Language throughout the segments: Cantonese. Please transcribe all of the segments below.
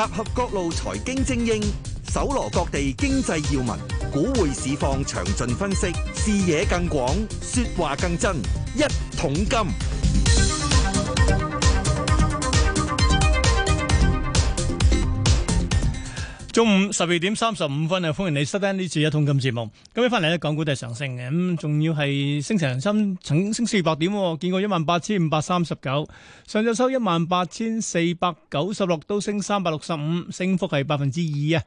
集合各路財經精英，搜羅各地經濟要聞，股匯市況詳盡分析，視野更廣，說話更真，一桶金。中午十二點三十五分啊，歡迎你收聽呢次一通金節目。今日翻嚟呢，港股都係上升嘅，咁、嗯、仲要係升成三，曾經升四百點，見過一萬八千五百三十九，上晝收一萬八千四百九十六，都升三百六十五，升幅係百分之二啊。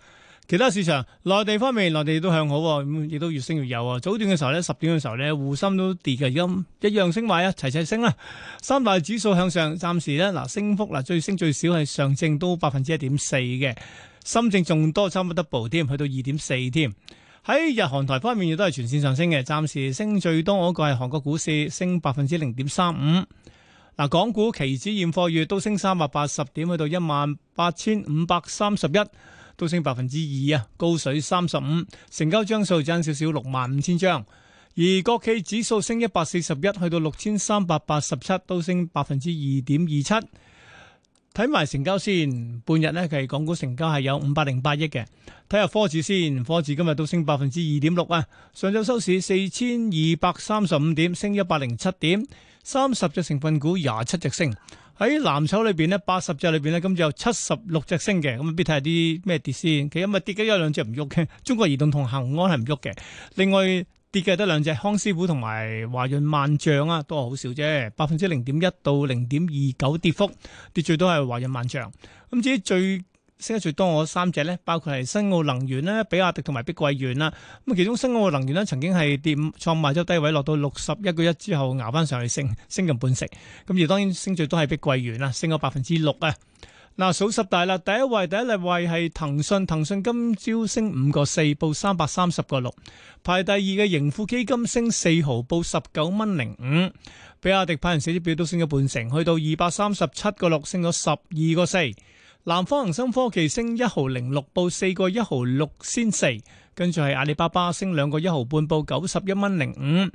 其他市場內地方面，內地都向好，咁亦都越升越有啊。早段嘅時候呢，十點嘅時候呢，滬深都跌嘅，而家一樣升埋啊，齊齊升啦，三大指數向上，暫時呢，嗱，升幅嗱最升最少係上證都百分之一點四嘅。深證仲多差唔多 double 添，去到二點四添。喺日韓台方面亦都係全線上升嘅，暫時升最多嗰個係韓國股市升百分之零點三五。嗱，港股期指現貨月都升三百八十點，去到一萬八千五百三十一，都升百分之二啊，高水三十五，成交張數增少少六萬五千張。而國企指數升一百四十一，去到六千三百八十七，都升百分之二點二七。睇埋成交先，半日咧其實港股成交係有五百零八億嘅。睇下科指先，科指今日都升百分之二點六啊。上晝收市四千二百三十五點，升一百零七點，三十隻成分股廿七隻升。喺藍籌裏邊呢，八十隻裏邊今次有七十六隻升嘅。咁必睇下啲咩跌先？其實今日跌嘅一兩隻唔喐嘅，中國移動同恒安係唔喐嘅。另外，跌嘅得兩隻，康師傅同埋華潤萬象啊，都係好少啫，百分之零點一到零點二九跌幅，跌最多係華潤萬象。咁至於最升得最多我三隻咧，包括係新奧能源咧、比亞迪同埋碧桂園啦。咁其中新奧能源咧曾經係跌創賣咗低位，落到六十一個一之後，捱翻上去升，升近半成。咁而當然升最多係碧桂園啦，升咗百分之六啊。嗱，數十大啦，第一位第一例位係騰訊，騰訊今朝升五個四，報三百三十個六。排第二嘅盈富基金升四毫，報十九蚊零五。比亞迪派人寫支表都升咗半成，去到二百三十七個六，升咗十二個四。南方恒生科技升一毫零六，報四個一毫六先四。跟住係阿里巴巴升兩個一毫半，報九十一蚊零五。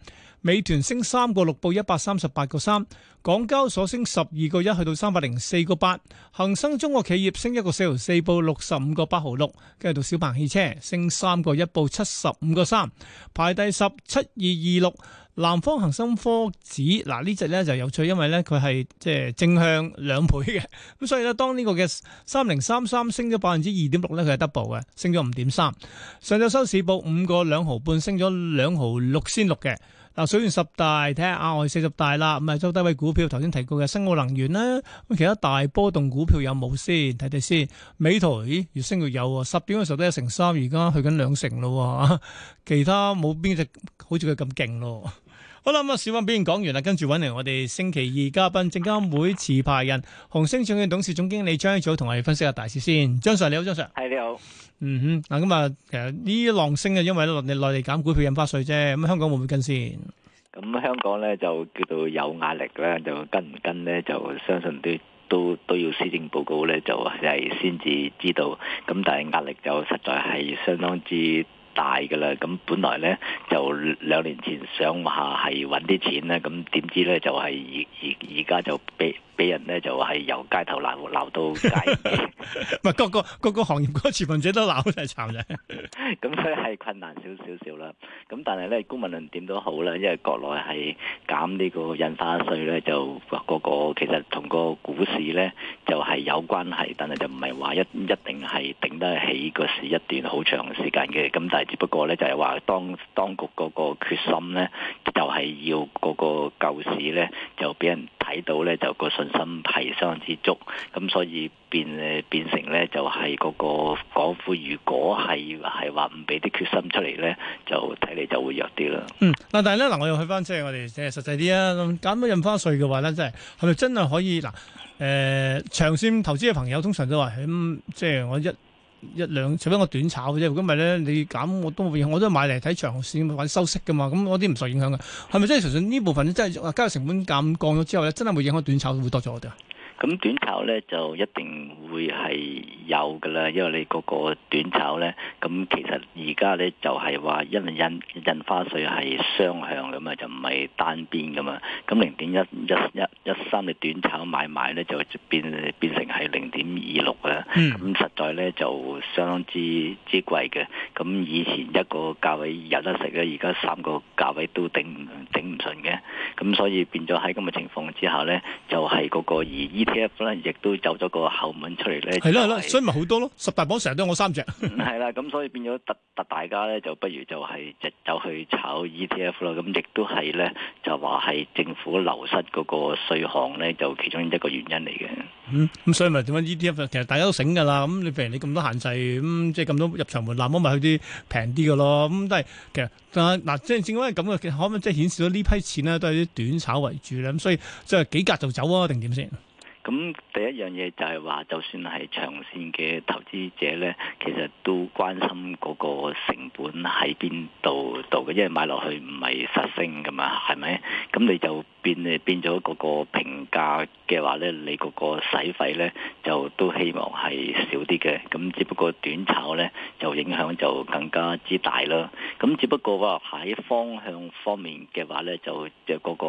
美團升三個六，報一百三十八個三；港交所升十二個一，去到三百零四個八；恒生中國企業升一個四毫四，報六十五個八毫六。跟住到小鵬汽車升三個一，報七十五個三，排第十七二二六。南方恒生科指。嗱呢隻呢就有趣，因為呢，佢係即係正向兩倍嘅。咁所以呢，當呢個嘅三零三三升咗百分之二點六呢，佢係 double 嘅，升咗五點三。上晝收市報五個兩毫半，升咗兩毫六先六嘅。嗱，數完十大，睇下亞外四十大啦，咁啊，周低位股票頭先提過嘅新奧能源咧，咁其他大波動股票有冇先？睇睇先，美圖，咦，越升越有喎，十點嘅時候都一成三，而家去緊兩成咯，其他冇邊隻好似佢咁勁咯。好啦，咁啊、嗯，小方表現講完啦，跟住揾嚟我哋星期二嘉賓，證監會持牌人，紅星證券董事總經理張益祖同我哋分析下大市先。張 Sir 你好，張 Sir。係，你好。嗯哼，嗱咁啊，其實呢啲浪升啊，因為咧內地減股票印花稅啫，咁香港會唔會跟先？咁香港咧就叫做有壓力啦，就跟唔跟咧就相信都都都要施政報告咧就係先至知道，咁但係壓力就實在係相當之大噶啦。咁本來咧就兩年前想話係揾啲錢咧，咁點知咧就係而而而家就變。俾人咧就係由街頭鬧鬧到街尾，係各個各個行業嗰個持份者都鬧，真係慘嘅。咁所以係困難少少少啦。咁但係咧，公民論點都好啦，因為國內係減呢個印花稅咧，就個個其實同個股市咧就係有關係，但係就唔係話一一定係頂得起個市一段好長時間嘅。咁但係只不過咧就係話當當局嗰個決心咧，就係要嗰個救市咧就俾人睇到咧就個信心皮相之足，咁所以變變成咧就係嗰個港府，如果係係話唔俾啲決心出嚟咧，就睇你就會弱啲啦。嗯，嗱，但係咧嗱，我又去翻即係我哋即係實際啲啊，減咗印花稅嘅話咧，即係係咪真係可以嗱？誒、呃，長線投資嘅朋友通常都話，咁、嗯、即係我一。一兩，除非我短炒嘅啫。如果唔係咧，你減我都會，我都買嚟睇長線揾收息嘅嘛。咁我啲唔受影響嘅。係咪真係純粹呢部分真係交易成本減降咗之後咧，真係會影響短炒會多咗我哋啊？咁短炒咧就一定會係有嘅啦，因為你嗰個短炒咧，咁其實而家咧就係話因為印印花稅係雙向嘅嘛，就唔係單邊嘅嘛。咁零點一一一一三嘅短炒買賣咧就變變成係零點二六啦。咁實在咧就相當之之貴嘅。咁以前一個價位有得食咧，而家三個價位都頂頂唔順嘅。咁所以變咗喺咁嘅情況之下咧，就係嗰個而依 ETF 可能亦都走咗個後門出嚟咧，係啦係啦，所以咪好多咯。十大榜成日都有我三隻，係 啦，咁所以變咗突突大家咧，就不如就係即走去炒 E T F 咯。咁亦都係咧，就話係政府流失嗰個稅項咧，就其中一個原因嚟嘅、嗯。嗯，咁所以咪點樣 E T F？其實大家都醒噶啦，咁你譬如你咁多限制，咁、嗯、即係咁多入場門檻，咁咪去啲平啲嘅咯。咁都係，其實嗱，即、嗯、係、啊、正因為咁嘅，可唔可以即係顯示到呢批錢咧都係啲短炒為主咧？咁所以即係、就是、幾格就走啊？定點先？咁第一樣嘢就係話，就算係長線嘅投資者呢，其實都關心嗰個成本喺邊度度嘅，因為買落去唔係實升噶嘛，係咪？咁你就變，誒變咗嗰個評價嘅話呢，你嗰個使費呢，就都希望係少啲嘅。咁只不過短炒呢，就影響就更加之大咯。咁只不過話喺方向方面嘅話呢，就就嗰個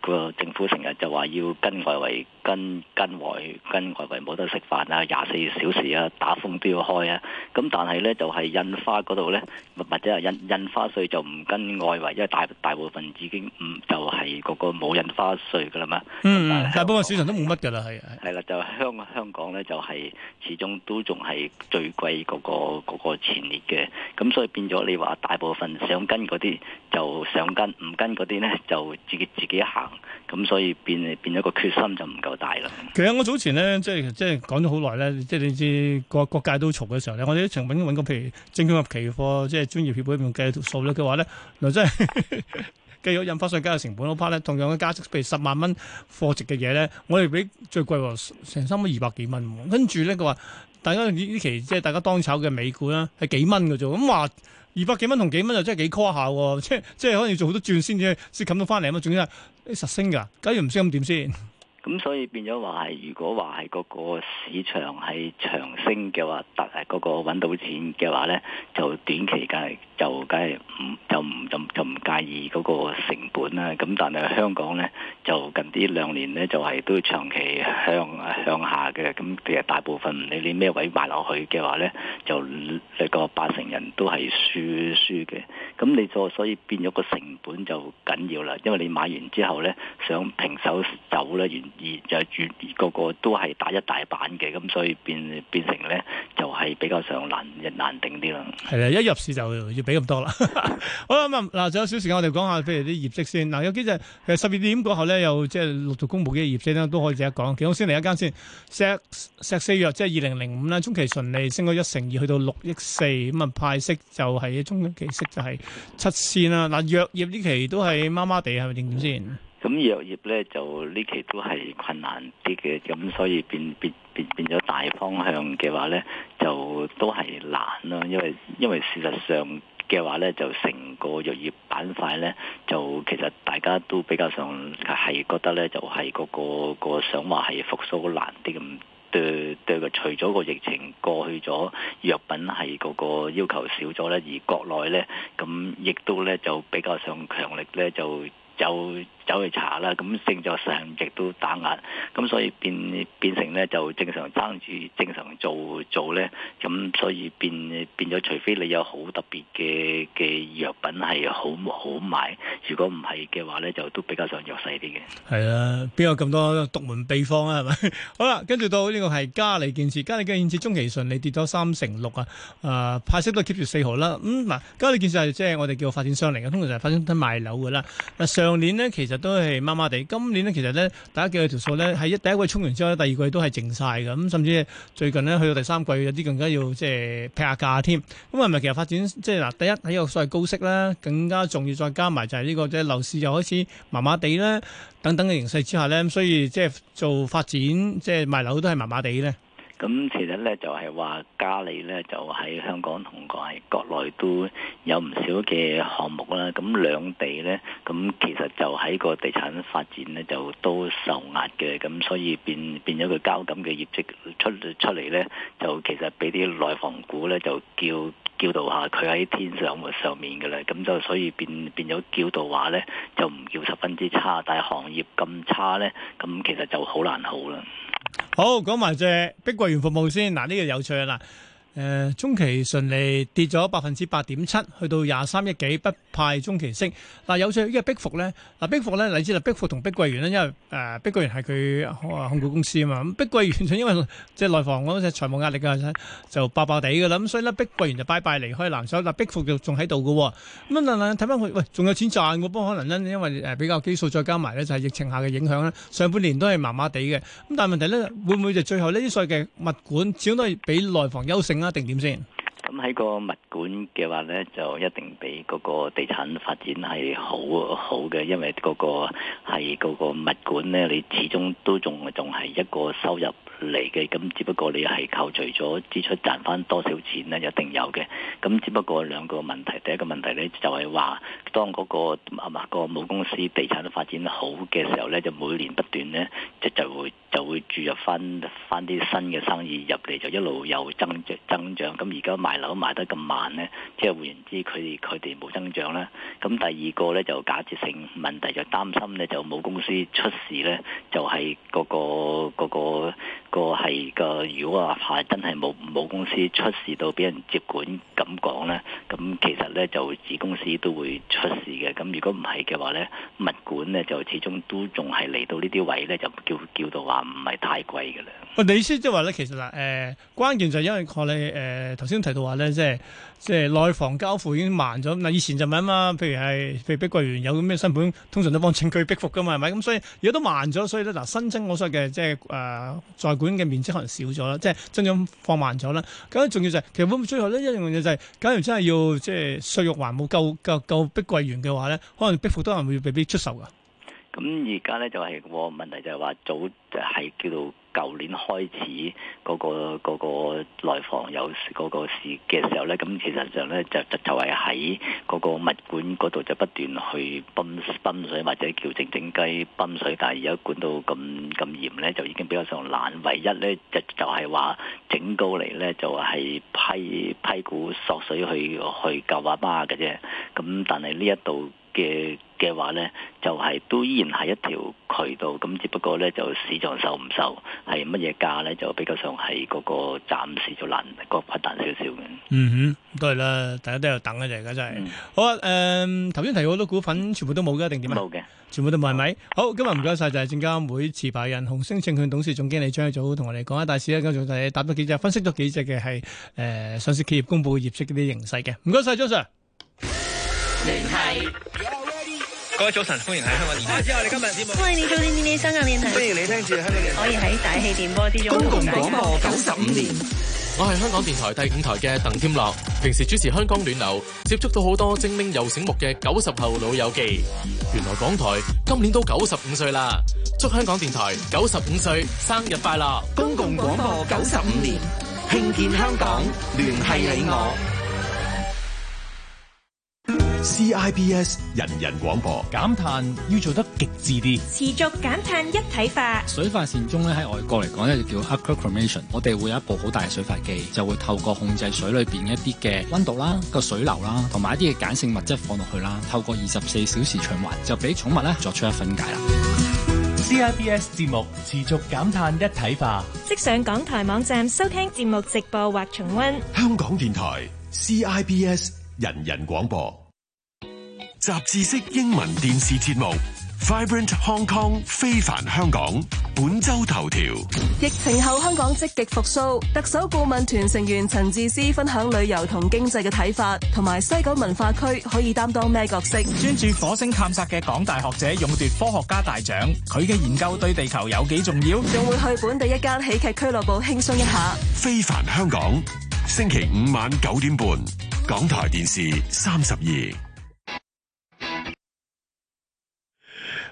嗰個政府成日就話要跟外圍。跟跟外跟外圍冇得食飯啊，廿四小時啊，打風都要開啊。咁但係呢，就係印花嗰度呢，或者係印印花稅就唔跟外圍，因為大大部分已經唔就係嗰個冇印花稅噶啦嘛。嗯，大部分市場都冇乜噶啦，係。係啦，就香港香港呢，就係始終都仲係最貴嗰個嗰個前列嘅。咁所以變咗你話，大部分想跟嗰啲就想跟，唔跟嗰啲呢，就自己自己行。咁、嗯、所以變係變咗個決心就唔夠大啦。其實我早前咧，即係即係講咗好耐咧，即係你知個各，各界都嘈嘅時候咧，我哋啲成本揾過譬如證券入期貨，即係專業協會入面計條數咧，佢話咧，嗱即係計咗印花稅加個成本嗰 part 咧，同樣嘅價值譬如十萬蚊貨值嘅嘢咧，我哋俾最貴成三蚊二百幾蚊，跟住咧，佢話大家呢期即係大家當炒嘅美股啦，係幾蚊嘅啫。咁話二百幾蚊同幾蚊就真係幾 call 下喎，即係即係可能要做好多轉先至先冚到翻嚟啊嘛，總之、就是啲實升噶，假如唔升咁點先？咁所以變咗話係，如果話係嗰個市場係長升嘅話，突係嗰個揾到錢嘅話咧，就短期間。 就梗係唔就唔就就唔介意嗰個成本啦，咁但係香港呢，就近啲兩年呢，就係都長期向向下嘅。咁其實大部分唔理你咩位買落去嘅話呢，就你個八成人都係輸輸嘅。咁你就所以變咗個成本就緊要啦，因為你買完之後呢，想平手走呢，而而就而個個都係打一大板嘅，咁所以變變成呢，就係比較上難難定啲啦。係啦，一入市就俾咁多啦， 好啦，咁嗱，仲有少少時間我，我哋講下譬如啲業績先。嗱、啊，有幾隻，誒十二點嗰後咧，有即係陸續公布嘅業績咧，都可以一講。其中我先嚟一間先，石石四藥，即係二零零五啦，中期純利升咗一成二，去到六億四，咁啊派息就係、是、中期息就係七仙啦。嗱、啊，藥業呢期都係麻麻地，係咪點先？咁、嗯、藥業咧就呢期都係困難啲嘅，咁所以變變變變咗大方向嘅話咧，就都係難啦，因為因為事實上。嘅話咧，就成個藥業板塊咧，就其實大家都比較上係覺得咧，就係嗰個個想話係復甦難啲咁。對對，除咗個疫情過去咗，藥品係嗰個要求少咗咧，而國內咧，咁亦都咧就比較上強力咧就。就走去查啦，咁證就成日都打壓，咁、嗯、所以變變成咧就正常生住正常做做咧，咁、嗯、所以變變咗，除非你有好特別嘅嘅藥品係好好賣，如果唔係嘅話咧，就都比較上弱勢啲嘅。係啊，邊有咁多獨門秘方啊？係咪？ 好啦，跟住到呢個係嘉里建設，嘉里建設中期純利跌咗三成六啊！誒，派息都 keep 住四毫啦。嗯，嗱、啊，嘉里建設係即係我哋叫發展商嚟嘅，通常就係發展商都賣樓㗎啦。啊上年咧其實都係麻麻地，今年咧其實咧大家計下條數咧，喺一第一季衝完之後咧，第二季都係靜晒嘅，咁甚至最近咧去到第三季有啲更加要即係劈下價添。咁係咪其實發展即係嗱，第一喺個所謂高息啦，更加重要再加埋就係呢、呢個即係樓市又開始麻麻地咧，等等嘅形勢之下咧，所以即係做發展即係、就係、賣樓都係麻麻地咧。咁其實咧就係話嘉里咧就喺香港同埋國內都有唔少嘅項目啦。咁兩地咧，咁其實就喺個地產發展咧就都受壓嘅。咁所以變變咗個交感嘅業績出出嚟咧，就其實俾啲內房股咧就叫叫到下佢喺天上的上面嘅啦。咁就所以變變咗叫到話咧，就唔叫十分之差。但係行業咁差咧，咁其實就好難好啦。好，講埋隻碧桂園服務先，嗱，呢個有趣啦。誒、呃、中期順利跌咗百分之八點七，去到廿三億幾，不派中期息。嗱，有趣，這個、呢個碧服咧，嗱碧服咧，例子就碧服同碧桂園咧，因為誒碧桂園係佢控股公司啊嘛。咁碧桂園就因為即係內房嗰隻財務壓力啊，就爆爆地嘅啦。咁所以咧，碧桂園就拜拜離開藍籌。嗱、哦，碧服就仲喺度嘅。咁樣嗱睇翻佢，喂，仲有錢賺嘅噃？不過可能因因為誒比較基數，再加埋咧就係疫情下嘅影響咧。上半年都係麻麻地嘅。咁但係問題咧，會唔會就最後呢啲所謂嘅物管，始終都係比內房優勝？唔定點先？咁喺個物管嘅話呢，就一定比嗰個地產發展係好好嘅，因為嗰、嗰個係嗰個物管呢，你始終都仲仲係一個收入嚟嘅，咁只不過你係扣除咗支出賺翻多少錢呢？一定有嘅。咁只不過兩個問題，第一個問題呢，就係、係、話，當嗰、嗰個啊唔、嗰個、母公司地產發展好嘅時候呢，就每年不斷呢，即就，就會就會注入翻翻啲新嘅生意入嚟，就一路有增長增長。咁而家買樓賣得咁慢呢，即係換言之，佢哋佢哋冇增長啦。咁第二個呢，就假設性問題，就擔心呢，就冇公司出事呢，就係、係、嗰、嗰個嗰個個，個如果話真係冇冇公司出事到俾人接管，咁講呢，咁其實呢，就子公司都會出事嘅。咁如果唔係嘅話呢，物管呢，就始終都仲係嚟到呢啲位呢，就叫叫做話唔係太貴㗎喇。喂、啊，你意思即係話呢？其實嗱，誒、呃、關鍵就係因為我哋頭先提到。話咧，即係即係內房交付已經慢咗。嗱，以前就唔係嘛，譬如係譬如碧桂園有咁咩新盤，通常都幫整佢碧服噶嘛，係咪？咁所以而家都慢咗，所以咧嗱，新增我所嘅即係誒在管嘅面積可能少咗啦，即係增長放慢咗啦。咁重要就係，其實咁最後呢一樣嘢就係，假如真係要即係稅入還冇夠夠夠碧桂園嘅話咧，可能碧服都係會被逼出售噶。咁而家咧就係問題就係話早就係叫做。舊年開始那個那個，嗰個嗰個內房有嗰個事嘅時候呢，咁其實上呢，就就就係喺嗰個物管嗰度就不斷去泵水或者叫靜靜雞泵水，但係而家管到咁咁嚴呢，就已經比較上難。唯一呢，就就係話整高嚟呢，就係、是、批批股索水去去救阿媽嘅啫。咁但係呢一度。嘅嘅話咧，就係都依然係一條渠道，咁只不過咧就市場受唔受係乜嘢價咧，就比較上係嗰個暫時就難個困難少少嘅。嗯哼，都係啦，大家都喺度等啊，而家真係。好啊，誒頭先提過好多股份，全部都冇噶定點咩？冇嘅，全部都冇係咪？好，今日唔該曬，就係證監會持牌人、紅星證券董事總經理張益祖同我哋講下，大市咧今早就係答咗幾隻，分析咗幾隻嘅係誒上市企業公布業績嗰啲形勢嘅。唔該曬，張 Sir。聯繫。各位早晨，歡迎喺香港電台。歡迎你做電電電香港電台。歡迎你聽住香港電台。可以喺大氣電波之中。公共廣播九十五年。我係香港電台第五台嘅鄧添樂，平時主持《香港暖流》，接觸到好多精靈又醒目嘅九十後老友記。原來港台今年都九十五歲啦，祝香港電台九十五歲生日快樂！公共廣播九十五年，慶建香港，聯繫你我。CIBS 人人廣播，減碳要做得極致啲，持續減碳一體化。水化善中咧喺外國嚟講咧就叫 aquamation。我哋會有一部好大嘅水化機，就會透過控制水裏邊一啲嘅温度啦、個水流啦，同埋一啲嘅鹼性物質放落去啦。透過二十四小時循環，就俾寵物咧作出一分解啦。CIBS 節目持續減碳一體化，即上港台網站收聽節目直播或重温。香港電台 CIBS 人人人廣播。雜誌式英文電視節目《Vibrant Hong Kong》非凡香港本周頭條：疫情後香港積極復蘇，特首顧問團成員陳智思分享旅遊同經濟嘅睇法，同埋西九文化區可以擔當咩角色？專注火星探索嘅港大學者勇奪科學家大獎，佢嘅研究對地球有幾重要？仲會去本地一間喜劇俱樂部輕鬆一下。非凡香港，星期五晚九點半，港台電視三十二。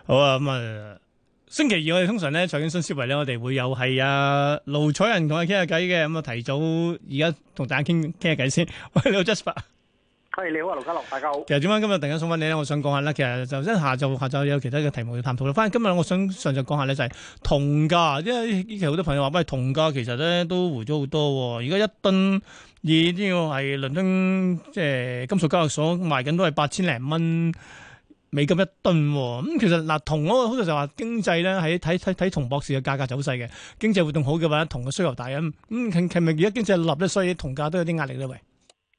好啊，咁啊，星期二我哋通常咧財經新思維咧，我哋會有係啊盧彩仁同佢傾下偈嘅，咁、嗯、啊提早而家同大家傾傾下偈先。喂，你、這、好、個、Jasper 係你好啊，盧家樂，大家好。其實點解今日突然間送翻你咧？我想講下咧，其實就真下晝下晝有其他嘅題目要探討啦。反正今日我想上上講下咧就係銅價，因為以前好多朋友話唔係銅價，其實咧都回咗好多、啊。而家一噸呢要係倫敦即係金屬交易所賣緊都係八千零蚊，美金一噸喎，咁、嗯、其實嗱銅嗰個好似就話經濟咧，喺睇睇睇銅博士嘅價格走勢嘅經濟活動好嘅話，銅嘅需求大，咁係係咪而家經濟立咧，所以銅價都有啲壓力咧？喂，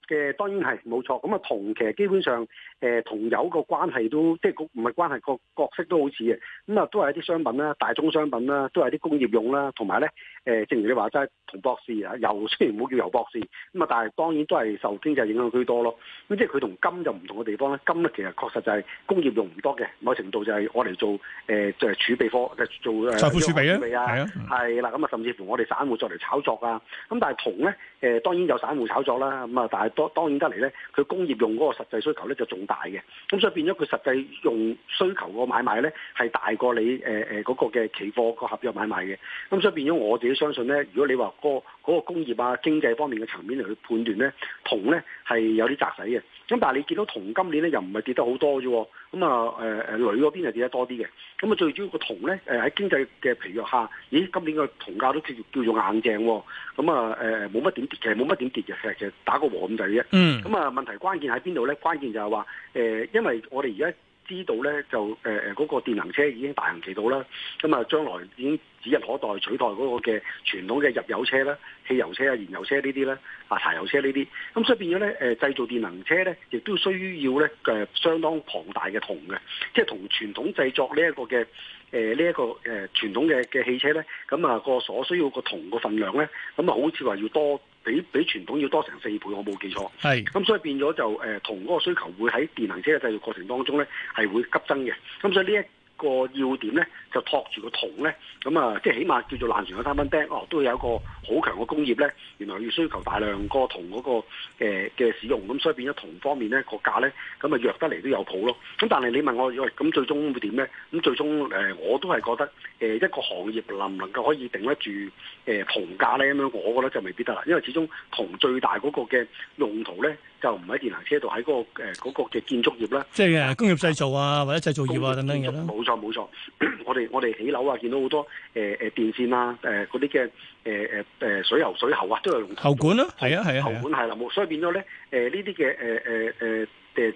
嘅當然係冇錯，咁啊銅其實基本上。誒銅油個關係都即係唔係關係個角色都好似嘅，咁啊都係啲商品啦，大宗商品啦，都係啲工業用啦，同埋咧誒正如你話齋，銅博士啊油雖然唔好叫油博士，咁啊但係當然都係受經濟影響居多咯。咁即係佢同金就唔同嘅地方咧，金咧其實確實就係工業用唔多嘅，某程度就係我嚟做誒即係儲備貨，誒、呃、做財富、呃、儲備啊，係啊，係、嗯、啦，咁啊甚至乎我哋散戶再嚟炒作啊，咁但係銅咧誒當然有散戶炒作啦，咁啊但係當當然得嚟咧，佢工業用嗰個實際需求咧就仲大嘅，咁、嗯、所以變咗佢實際用需求個買賣咧，係大過你誒誒嗰個嘅期貨個合約買賣嘅，咁、嗯、所以變咗我自己相信咧，如果你話個嗰個工業啊經濟方面嘅層面嚟去判斷咧，銅咧係有啲窄使嘅。咁但係你見到銅今年咧又唔係跌得好多啫，咁啊誒誒鋁嗰邊又跌得多啲嘅，咁啊最主要個銅咧誒喺經濟嘅疲弱下，咦今年個銅價都叫做叫做硬淨喎，咁啊誒冇乜點跌，其實冇乜點跌嘅，其實其實打個和咁滯啫，咁啊問題關鍵喺邊度咧？關鍵就係話誒，因為我哋而家。知道咧就誒誒嗰個電能車已經大行其道啦，咁啊將來已經指日可待取代嗰個嘅傳統嘅入油車啦、汽油車啊、燃油車呢啲啦、啊、柴油車、嗯、呢啲，咁所以變咗咧誒製造電能車咧，亦都需要咧嘅、呃、相當龐大嘅銅嘅，即係同傳統製作呢一個嘅。誒呢一個誒傳、呃、統嘅嘅汽車咧，咁啊個所需要個銅個份量咧，咁、呃、啊好似話要多比比傳統要多成四倍，我冇記錯。係是，咁、嗯、所以變咗就誒銅嗰個需求會喺電能車嘅製造過程當中咧，係會急增嘅。咁、嗯、所以呢一個要點咧，就托住個銅咧，咁、嗯、啊，即係起碼叫做爛船嘅三分釘，哦，都有一個好強嘅工業咧，原來要需求大量銅、那個銅嗰個嘅使用，咁所以變咗銅方面咧個價咧，咁啊弱得嚟都有譜咯。咁但係你問我，喂，咁最終會點咧？咁最終誒、呃、我都係覺得誒、呃、一個行業能唔能夠可以頂得住誒、呃、銅價咧？咁樣我覺得就未必得啦，因為始終銅最大嗰個嘅用途咧。就唔喺電動車度，喺嗰、那個誒嗰、那個嘅建築業啦，即係工業製造啊，或者製造業啊業等等，冇錯冇錯，錯咳咳我哋我哋起樓啊，見到好多誒誒、呃、電線啊，誒嗰啲嘅誒誒誒水喉水喉啊，都係用喉管咯，係啊係啊，喉管係啦、啊，所以變咗咧誒呢啲嘅誒誒誒嘅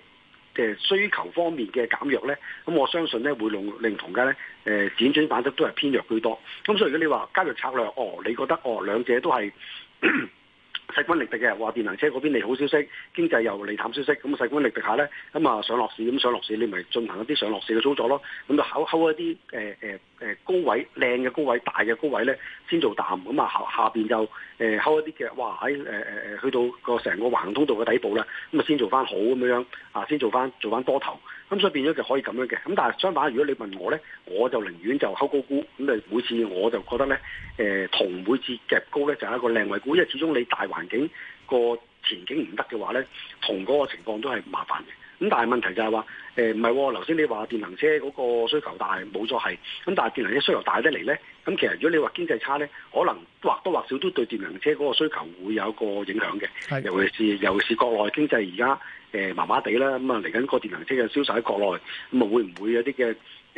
嘅需求方面嘅減弱咧，咁我相信咧會令令銅價咧誒展轉反側都係偏弱居多。咁所以如果你話交易策略，哦，你覺得哦，哦兩者都係。咳咳勢均力敵嘅，話電能車嗰邊利好消息，經濟又利淡消息，咁勢均力敵下咧，咁啊上落市咁上落市，市你咪進行一啲上落市嘅操作咯，咁就溝一啲誒誒誒高位靚嘅高位大嘅高位咧，先做淡，咁啊下下邊就誒溝一啲嘅，哇喺誒誒誒去到個成個橫通道嘅底部啦，咁啊先做翻好咁樣樣啊，先做翻做翻多頭。咁、嗯、所以變咗就可以咁樣嘅，咁但係相反，如果你問我咧，我就寧願就拋高估。咁你每次我就覺得咧，誒、呃、銅每次夾高咧就係、是、一個靚位股，因為始終你大環境、個前景唔得嘅話咧，同嗰個情況都係麻煩嘅。咁但係問題就係話，誒唔係，頭先、哦、你話電能車嗰個需求大冇錯係，咁但係電能車需求大得嚟咧，咁其實如果你話經濟差咧，可能或多或少都對電能車嗰個需求會有一個影響嘅的，尤其是尤其是國內經濟而家。誒麻麻哋啦，咁啊嚟緊個電能車嘅銷售喺國內，咁、嗯、啊會唔會有啲嘅？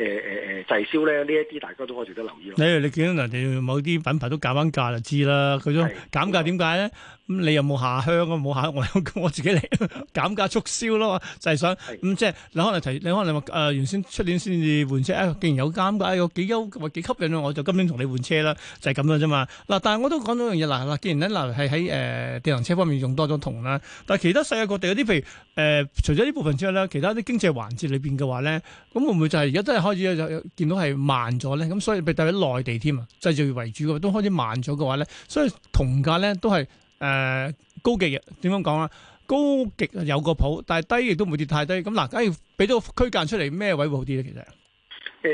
誒誒誒滯銷咧，呢一啲大家都開始得留意。你你見到人哋某啲品牌都減翻價就知啦。佢種減價點解咧？咁你又有冇下鄉？冇下鄉，我的 我自己嚟 減價促銷咯，就係想咁的即係你可能提，你可能話誒原先出年先至換車，誒竟然有減價，又幾優，或幾吸引，我就今年同你換車啦，就係咁啦啫嘛。嗱，但係我都講到一樣嘢，嗱嗱，既然咧嗱係喺誒電能車方面用多咗銅啦，但係其他世界各地嗰啲，譬如誒、呃、除咗呢部分之外咧，其他啲經濟環節裏邊嘅話咧，咁會唔會就係而家都係開始咧就見到係慢咗咧，咁所以特別喺內地添啊，製造業為主嘅都開始慢咗嘅話咧，所以銅價咧都係誒高極嘅，點樣講啊？高極有個譜，譜，但係低亦都唔會跌太低。咁嗱，假如俾到個區間出嚟，咩位會好啲咧？其實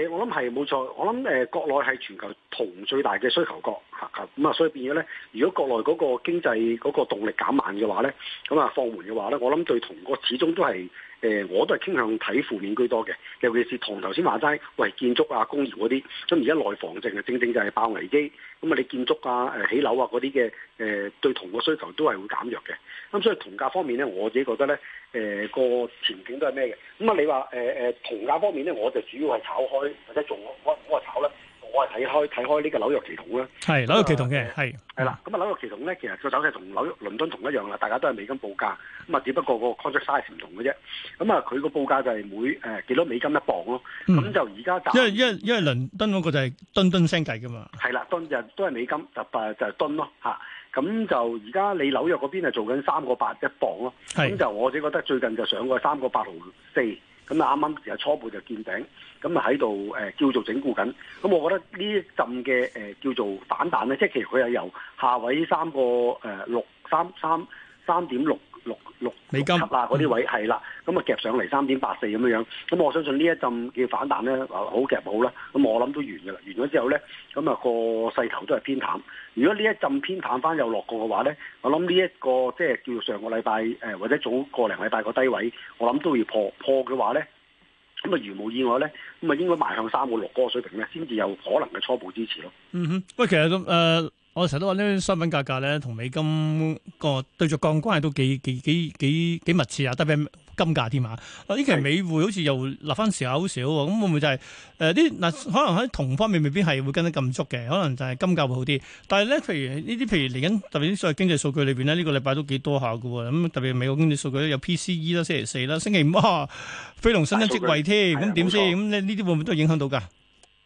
誒，我諗係冇錯。我諗誒、呃，國內係全球銅最大嘅需求國嚇咁啊，啊，所以變咗咧，如果國內嗰個經濟嗰個動力減慢嘅話咧，咁啊放緩嘅話咧，我諗對銅個始終都係。誒、呃、我都係傾向睇負面居多嘅，尤其是銅，頭先話齋，喂建築啊工業嗰啲，咁而家內房正啊正正就係爆危機，咁、嗯、啊你建築啊誒起樓啊嗰啲嘅誒對銅嘅需求都係會減弱嘅，咁、嗯、所以銅價方面咧，我自己覺得咧誒個前景都係咩嘅？咁、嗯、啊你話誒誒銅價方面咧，我就主要係炒開或者做我我我炒啦。我係睇開睇開呢個紐約期銅啦，係紐約期銅嘅，係係啦。咁啊紐約期銅咧，其實個走勢同紐倫敦同一樣啦，大家都係美金報價，咁啊只不過個 contract size 唔同嘅啫。咁啊佢個報價就係每誒幾多美金一磅咯。咁就而家因為因為因為倫敦嗰個就係噸噸升計嘅嘛，係啦，噸就都係美金，就誒就係噸咯嚇。咁就而家你紐約嗰邊係做緊三個八一磅咯，咁就是我自己覺得最近就上過三個八毫四。咁啊，啱啱又初步就見頂。咁啊喺度誒叫做整固緊。咁我覺得呢一陣嘅誒、呃、叫做反彈咧，即係其實佢係由下位三個誒六三三三點六。呃 6, 3, 3, 3. 六六級啦，嗰啲位係啦，咁啊夾上嚟三點八四咁樣樣，咁我相信呢一陣嘅反彈咧，好夾好啦，咁我諗都完嘅啦，完咗之後咧，咁啊個勢頭都係偏淡。如果呢一陣偏淡翻又落過嘅話咧，我諗呢一個即係叫上個禮拜誒或者早個零禮拜個低位，我諗都要破破嘅話咧，咁啊如無意外咧，咁啊應該邁向三個六嗰個水平咧，先至有可能嘅初步支持咯。嗯哼，喂，其實咁誒。呃我成日都話呢啲商品價格咧，同美金個對着降關係都幾幾幾幾幾密切啊！特別金價添啊！呢是期美匯好似又立翻時下好少喎，咁會唔會就係誒啲嗱？可能喺銅方面未必係會跟得咁足嘅，可能就係金價會好啲。但係咧，譬如呢啲譬如嚟緊特別啲所謂經濟數據裏邊呢，呢、這個禮拜都幾多下嘅喎。咁特別美國經濟數據咧，有 PCE 啦，星期四啦，星期五啊，非農新增職位添，咁點先？咁呢呢啲會唔會都影響到㗎？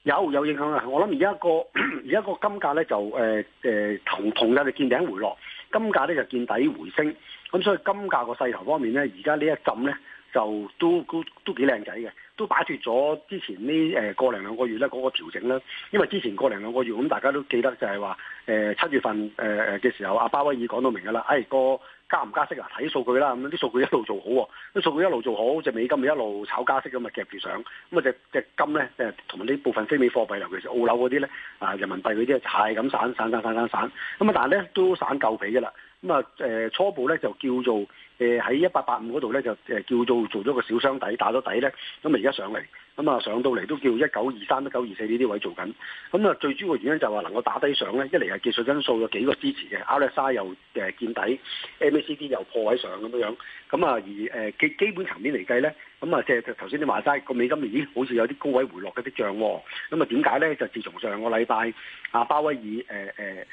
有有影響嘅，我諗而家個而家個金價咧就誒誒、呃、銅銅價嘅見頂回落，金價咧就見底回升，咁所以金價個勢頭方面咧，而家呢一陣咧就都都都幾靚仔嘅。都擺脫咗之前呢誒個零兩個月咧嗰個調整啦。因為之前個零兩個月咁大家都記得就係話誒七月份誒誒嘅時候，阿巴威爾講到明㗎喇，誒、哎那個加唔加息啊，睇數據啦，咁啲數據一路做好，啲數據一路做好，隻美金咪一路炒加息咁啊，夾住上，咁啊隻隻金咧誒同埋呢部分非美貨幣，尤其是澳紐嗰啲咧啊人民幣嗰啲啊，係咁散散散散散散，咁啊但係咧都散夠皮嘅啦，咁啊誒初步咧就叫做，誒喺一八八五嗰度咧，就誒叫做做咗個小箱底打咗底咧，咁啊而家上嚟，咁啊上到嚟都叫一九二三、一九二四呢啲位做緊，咁啊最主要嘅原因就係話能夠打低上咧，一嚟係技術因素有幾個支持嘅，RSI 又誒見底，MACD 又破位上咁樣樣，咁啊而誒基基本層面嚟計咧。咁啊，即係頭先你話齋個美金已經好似有啲高位回落嗰啲漲喎。咁啊，點解咧？就自從上個禮拜阿鮑威爾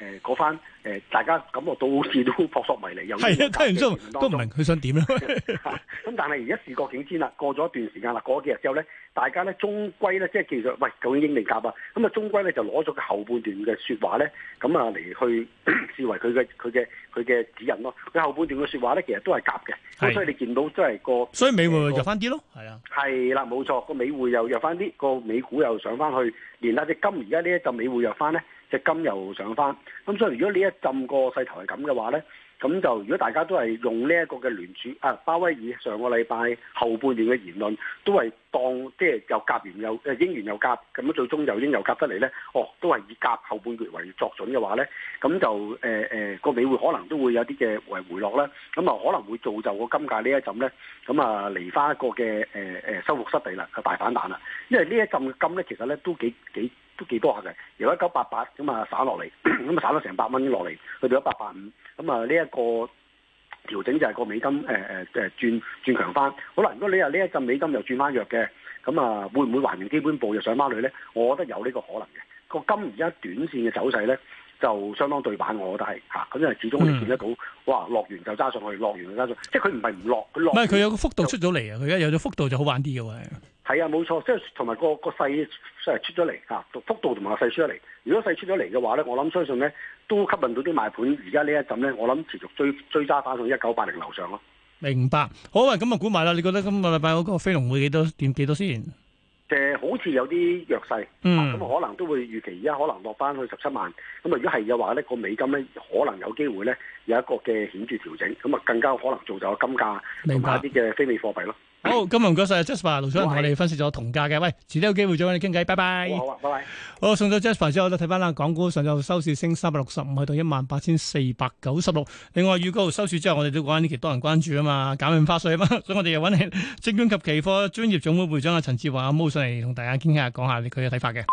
誒誒誒嗰翻誒，大家感覺到好似都撲朔迷離，又係啊，聽完之後都唔明佢想點啊。咁 但係而家事過境遷啦，過咗一段時間啦，過咗幾日之後咧，大家咧終歸咧即係叫做喂究竟應唔應夾啊？咁啊，終歸咧就攞咗個後半段嘅説話咧，咁啊嚟去視為佢嘅佢嘅佢嘅指引咯。佢、啊、後半段嘅説話咧，其實都係夾嘅。是所以你見到即係個，所以美匯就翻啲咯。係啊，係啦，冇錯，個美匯又弱翻啲，個美股又上翻去，連啦隻金，而家呢一浸美匯弱翻咧，隻金又上翻，咁所以如果你一浸個勢頭係咁嘅話咧。咁就如果大家都係用呢一個嘅聯儲啊，鮑威爾上個禮拜後半段嘅言論都係當即係、即係、又夾完又誒應完又夾，咁樣最終又應又夾得嚟咧，哦，都係以夾後半段為作準嘅話咧，咁就誒誒個美匯可能都會有啲嘅為回落啦，咁啊可能會造就個金價呢一浸咧，咁啊離翻一個嘅誒誒收復失地啦，就大反彈啦，因為呢一浸金咧其實咧都幾幾都幾多下嘅，由88，咳咳一九八八咁啊散落嚟，咁啊散咗成百蚊落嚟，去到一八八五。咁啊，呢一個調整就係個美金誒誒誒轉轉強翻。好啦，如果你話呢一陣美金又轉翻弱嘅，咁啊會唔會會還原基本步又上翻去咧？我覺得有呢個可能嘅。個金而家短線嘅走勢咧，就相當對版我覺得係嚇，咁因為始終你見得到，哇，落完就揸上去，落完就揸上，即係佢唔係唔落，佢落。唔係佢有個幅度出咗嚟啊！佢而家有咗幅度就好玩啲嘅喎。係啊，冇錯，即係同埋個個勢出咗嚟嚇，幅度同埋勢出咗嚟。如果勢出咗嚟嘅話咧，我諗相信咧都吸引到啲賣盤。而家呢一陣咧，我諗持續追追揸翻到一九八零樓上咯。明白，好啊，咁啊，估埋啦。你覺得今個禮拜嗰個飛龍會幾多點？幾多先？誒好似有啲弱勢，咁啊可能都會預期而家可能落翻去十七萬，咁啊如果係嘅話咧，個美金咧可能有機會咧有一個嘅顯著調整，咁啊更加可能做咗金價同埋啲嘅非美貨幣咯。 好，今日唔該晒 Jasper 盧先生同我哋分析咗同價嘅，喂，遲啲有機會再揾你傾偈，拜拜。好，拜拜。好，送咗 Jasper 之後，我哋睇翻啦，港股上晝收市升三百六十五，去到一萬八千四百九十六。另外，預告收市之後，我哋都講緊呢期多人關注啊嘛，減印花稅啊嘛，所以我哋又揾起證券及期貨專業總會會長阿陳志華阿毛上嚟同大家傾下，講下佢嘅睇法嘅。